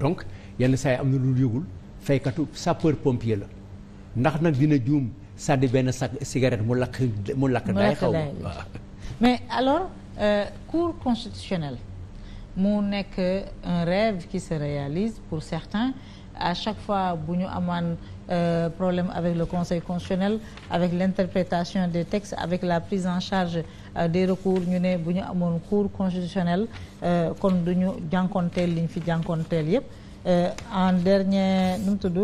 donc yenn saa yi am na lu yëgul faykatu sapeur pompier la ndax nag dina juum sàddi benn sac cigarette mu lakk mu lakk daay xaw mais alors euh, cour constitutionnelle mu nekk un rêve qui se réalise pour certains à chaque fois bu ñu amaan Euh, problème avec le Conseil constitutionnel avec l'interprétation des textes avec la prise en charge Euh, des recours ñu ne bu ñu amoon cour constitutionnelle euh, kon du ñu jànkoonteel liñ fi jànkoonteel yëpp euh, en dernier nu mu tudd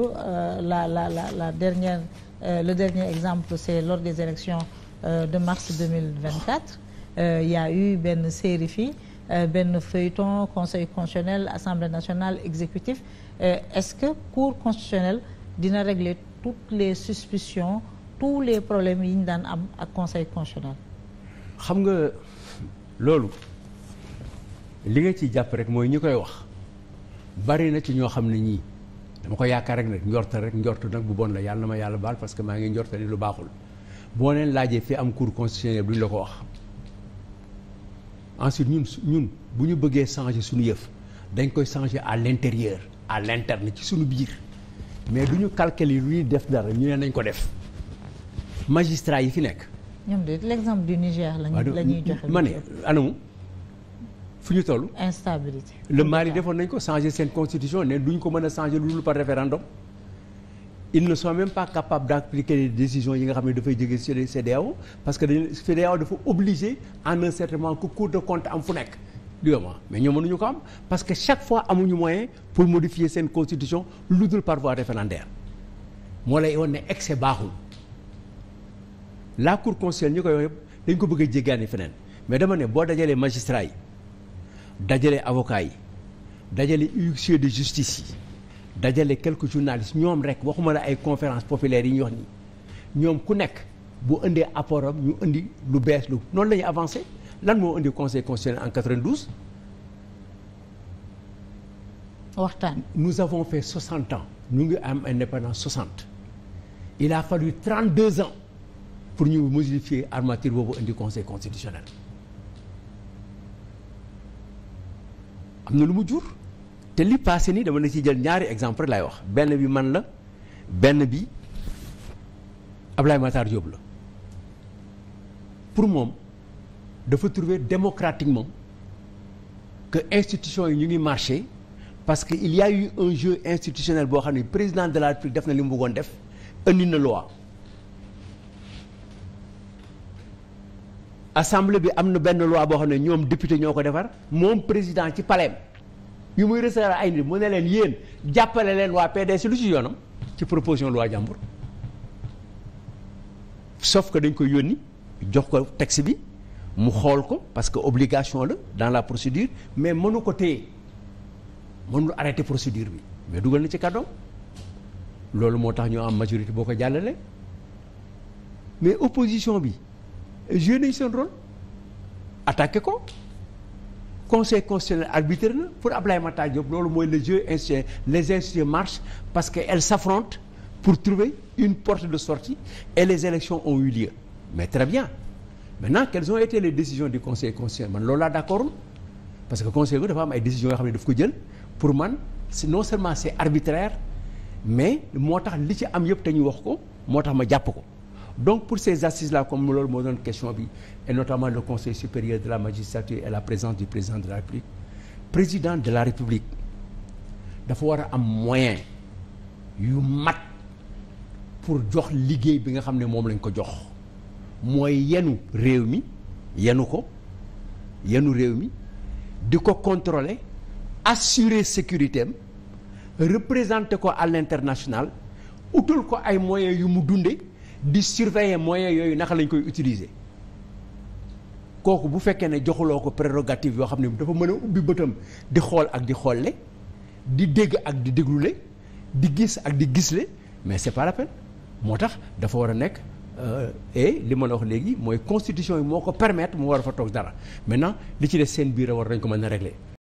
la la la la dernière le dernier exemple c'est lors des élections de mars 2024 il y a eu benn série fii benn feuilleton conseil constitutionnel assemblée nationale exécutif est-ce que cour constitutionnelle dina régler toutes les suspicions tous les problèmes yi ñu daan am ak conseil constitutionnel xam nga loolu li nga ci jàpp rek mooy ñi koy wax bari na ci ñoo xam ne ñii dama ko yaakaar rek nag njortal rek njort nag bu bon la yàlla na ma yàlla baal parce que maa ngi ni lu baaxul boo leen laajee fi am cour constitutionnelle duñ la ko wax ensuite ñun ñun bu ñu bëggee changer suñu yëf dañ koy changer à l'intérieur à l'interne ci suñu biir mais du ñu calculer lu ñuy def dara ñu ne nañ ko def magistrat yi fi nekk ñoom de l'exemple du Niger lañu lañuy joxe. ma ne anamu fu ñu toll. instabilité le Mali defoon nañ ko changer seen constitution ne duñ ko mën a changer lu dul par référendum. ils ne sont même pas capables d'appliquer les décisions yi nga xam ne dafay jóge ci CEDEAO parce que dañu CEDEAO dafa obligé en un certain moment que Cour des am fu nekk. duyoma mais ñoo mënuñu ko am parce que chaque fois amuñu moyen pour modifier seen constitution lu dul par voie référendaire moo lay woon ne excès baaxul. la cour constitutionnelle ñu koy wax yëpp dañ ko bëgg a jéggaani feneen mais dama ne boo dajalee magistrats yi dajale avocats yi dajale huissier de justice yi dajale quelques journalistes ñoom rek waxuma la ay conférence populaire yi ñu wax nii ñoom ku nekk bu indee apportam ñu indi lu bees lu noonu la ñu avancé lan moo indi conseil constitutionnel en 92. waxtaan. nous avons fait 60 ans ñu ngi am indépendance 60 il a fallu 32 ans. pour ñu modifier armature boobu indi conseil constitutionnel am na lu mu jur te li passé ni dama la ci jël ñaari exemple rek laay wax benn bi man la benn bi lay Matar Diop la pour moom dafa trouver démocratiquement que institution yi ñu ngi marché parce que il y a eu un jeu institutionnel boo xam ne président de la République def na li mu bëggoon def indi na loi assemblée bi am na benn loi boo xam ne ñoom député ñoo ko defar moom président ci paleem yu muy recevoir ay nit mu ne leen yéen jàppale leen waa PDS lu si yoonam ci proposition loi jàmbur sauf que dañ ko yónni jox ko texte bi mu xool ko parce que obligation la dans la procédure mais mënu ko téye mënul arrêter procédure bi mais dugal na ci kàddoom loolu moo tax ñoo am majorité boo ko jàllale mais opposition bi joué nañu seen rôle attaqué ko conseil constitutionnel arbitre na pour Ablaye Matar Diop loolu mooy les jeu institution les institutions marchent parce que elles s'affrontent pour trouver une porte de sorti et les élections ont eu lieu mais très bien maintenant quelles ont été les décisions du conseil constitutionnel man loolu laa d'accord parce que conseil bi dafa am ay décisions yoo xam ne dafa ko jël pour man non seulement c'est arbitraire mais moo tax li ci am yëpp te ñu wax ko moo tax ma jàpp ko donc pour ces assises là comme loolu moo doon question bi et notamment le conseil supérieur de la magistrature et la présence du président de la république président de la république dafa war a am moyen yu mat pour jox liggéey bi nga xam ne moom lañ ko jox mooy yenu réew mi yenu ko yenu réew mi di ko contrôler assurer sécurité am représenter ko à l'international utul ko ay moyens yu mu dundee di surveiller moyens yooyu naka lañ koy utiliser kooku bu fekkee ne joxuloo ko prérogative yoo xam ne dafa mën a ubbi bëtam di xool ak di xool le di dégg ak di déglule di gis ak di gisle mais c'est pas la moo tax dafa war a nekk euh, et li ma la wax léegi mooy constitution yi moo ko permettre mu war a fa toog dara maintenant li ci des seen biir a war nañ ko mën a régler